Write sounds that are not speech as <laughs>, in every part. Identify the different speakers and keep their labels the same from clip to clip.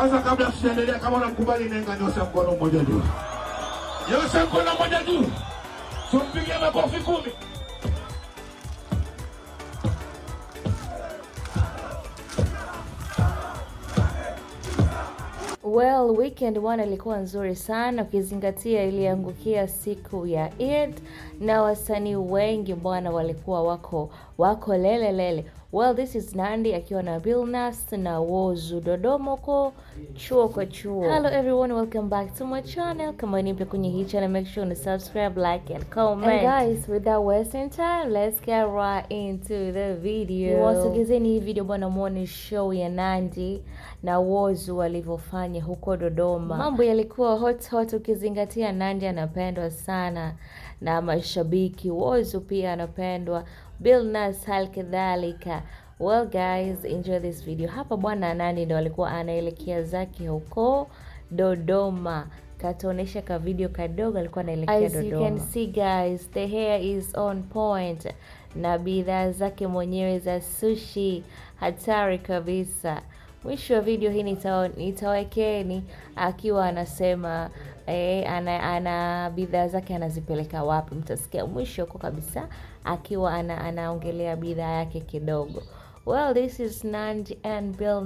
Speaker 1: Kwanza kabla tusiendelea, kama unakubali nenga, nyosha mkono mmoja juu, nyosha mkono mmoja juu, tumpige makofi kumi. Well, weekend one ilikuwa nzuri sana ukizingatia iliangukia siku ya Eid na wasanii wengi bwana walikuwa wako wako lelelele lele. Well, this is Nandi akiwa na Billnass na Wozu Dodoma ko chuo kwa chuo.
Speaker 2: Hello everyone, welcome back to my channel. Kama ni mpya kwenye hii channel, make sure to subscribe, like and comment.
Speaker 1: And guys, without wasting time, let's get right into the video. Wasogezeni hii video bwana, muone show ya Nandi na Wozu walivyofanya huko Dodoma. Mambo yalikuwa hot hot, ukizingatia Nandi anapendwa sana na mashabiki, Wozu pia anapendwa Billnass kadhalika. Well guys, enjoy this video. Hapa bwana nani ndo alikuwa anaelekea zake huko Dodoma katuonesha ka video kadogo alikuwa anaelekea Dodoma. As you can see guys, the hair is on point na bidhaa zake mwenyewe za sushi hatari kabisa. Mwisho wa video hii nitawawekeeni akiwa anasema e, ana, ana bidhaa zake anazipeleka wapi. Mtasikia mwisho huko kabisa akiwa ana, anaongelea bidhaa yake kidogo. Well, this is Nandy and Bill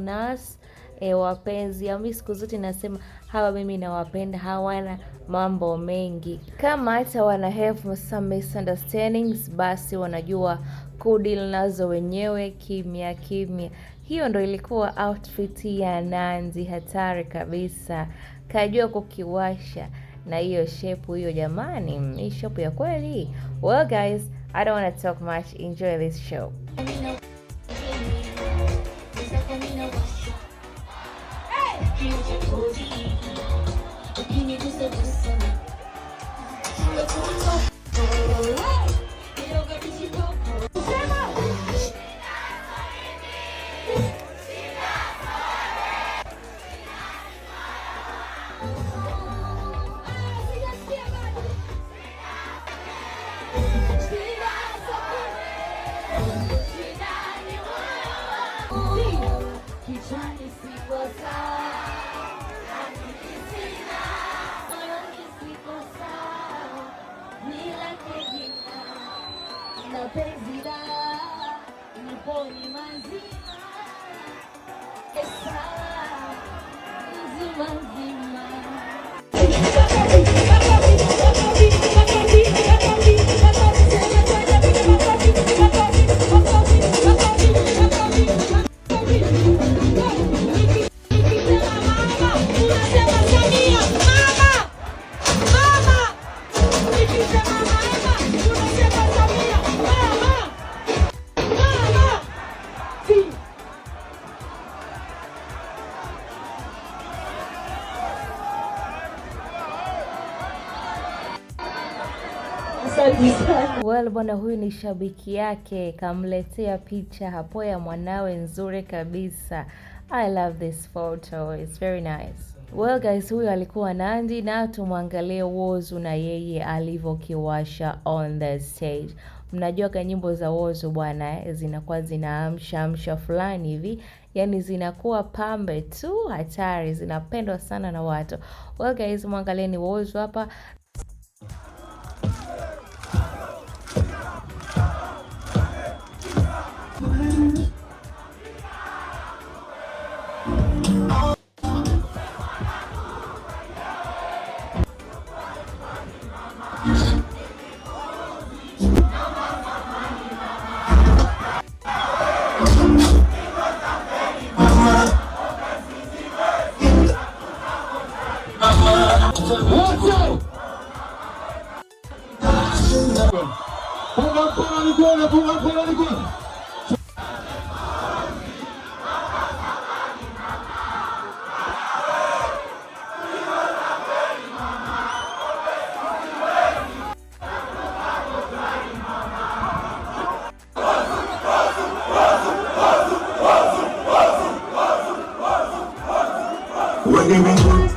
Speaker 1: E, wapenzi ami, siku zote nasema hawa mimi nawapenda, hawana mambo mengi. Kama hata wana have some misunderstandings, basi wanajua kudil nazo wenyewe kimya kimya. Hiyo ndo ilikuwa outfit ya Nanzi, hatari kabisa. Kajua kukiwasha na hiyo shape hiyo, jamani, hii shape ya kweli. Well guys, I don't want to talk much, enjoy this show. Hey! por mais que está mais imaginando. <laughs> Well, bwana huyu ni shabiki yake, kamletea picha hapo ya mwanawe nzuri kabisa. I love this photo. It's very nice. Well guys, huyu alikuwa Nandy na tumwangalie Whozu na yeye alivyokiwasha on the stage. Mnajuaga nyimbo za Whozu bwana eh, zinakuwa zinaamsha amsha fulani hivi, yani zinakuwa pambe tu, hatari, zinapendwa sana na watu. Well guys, mwangalieni Whozu hapa. We're giving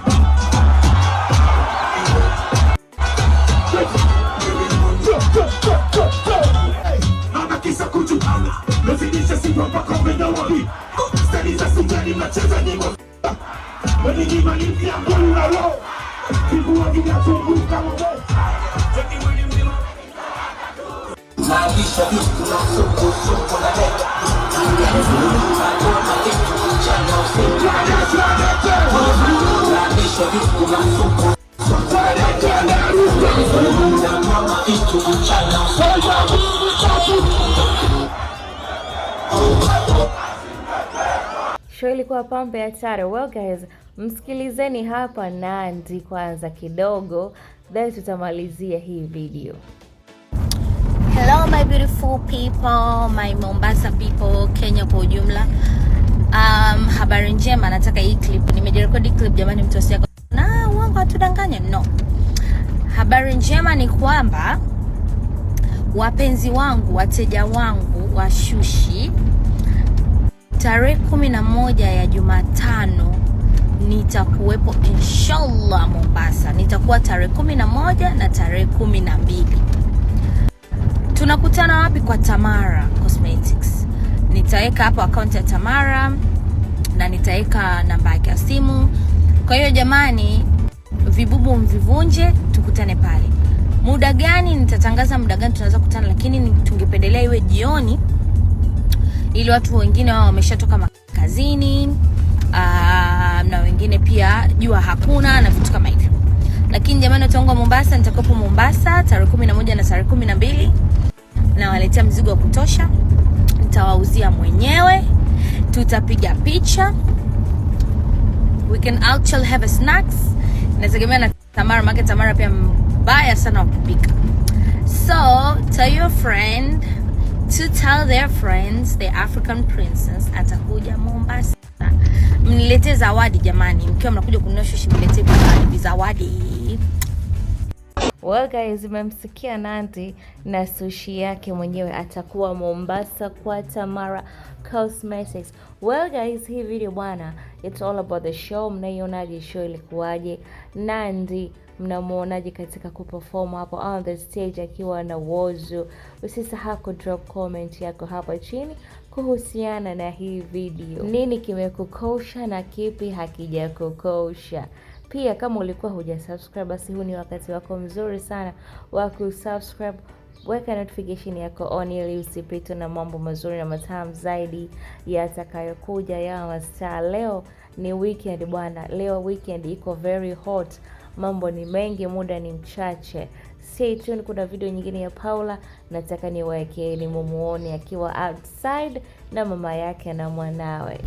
Speaker 1: vijimanipya kula lo kibua Show ilikuwa pambe hatari. Well guys Msikilizeni hapa Nandy kwanza kidogo, then tutamalizia hii video. Hello my beautiful people, my Mombasa people, Kenya kwa ujumla. Um, habari njema, nataka hii clip. Nimejirekodi clip jamani, mtu asiye na uongo atudanganye. No. Habari njema ni kwamba wapenzi wangu, wateja wangu washushi, tarehe kumi na moja ya Jumatano nitakuwepo inshallah Mombasa. Nitakuwa tarehe kumi na moja na tarehe kumi na mbili. Tunakutana wapi? Kwa Tamara Cosmetics. Nitaweka hapo akaunti ya Tamara na nitaweka namba yake ya simu. Kwa hiyo jamani, vibubu mvivunje, tukutane pale. Muda gani nitatangaza muda gani tunaweza kutana lakini tungependelea iwe jioni, ili watu wengine wao wameshatoka makazini Ah, na wengine pia jua hakuna na vitu kama hivyo. Lakini jamani, watu wangu wa Mombasa, nitakopo Mombasa tarehe kumi na moja na tarehe kumi na mbili nawaletea mzigo wa kutosha, nitawauzia mwenyewe, tutapiga picha, we can actually have a snacks. Nategemea na Tamara, maana Tamara pia mbaya sana wa kupika. So tell your friend to tell their friends the African princess atakuja Mombasa mniletee zawadi jamani, mkiwa mnakuja kununua shushi mniletee zawadi, zawadi. Well guys, mmemsikia Nandy na sushi yake mwenyewe atakuwa Mombasa kwa Tamara Cosmetics. Well guys, hii video bwana, it's all about the show. Mnaionaje show ilikuwaje? Nandy mnamuonaje katika kuperform hapo on the stage akiwa na Whozu? Usisahau drop comment yako hapa chini kuhusiana na hii video, nini kimekukosha na kipi hakijakukosha. Pia kama ulikuwa hujasubscribe, basi huu ni wakati wako mzuri sana wa kusubscribe. Weka notification yako on ili usipitwe na mambo mazuri na matamu zaidi yatakayokuja ya mastaa. Leo ni weekend bwana, leo weekend iko very hot mambo ni mengi, muda ni mchache. Stay tuned, kuna video nyingine ya Paula nataka niwaekeeni mumuone akiwa outside na mama yake na mwanawe.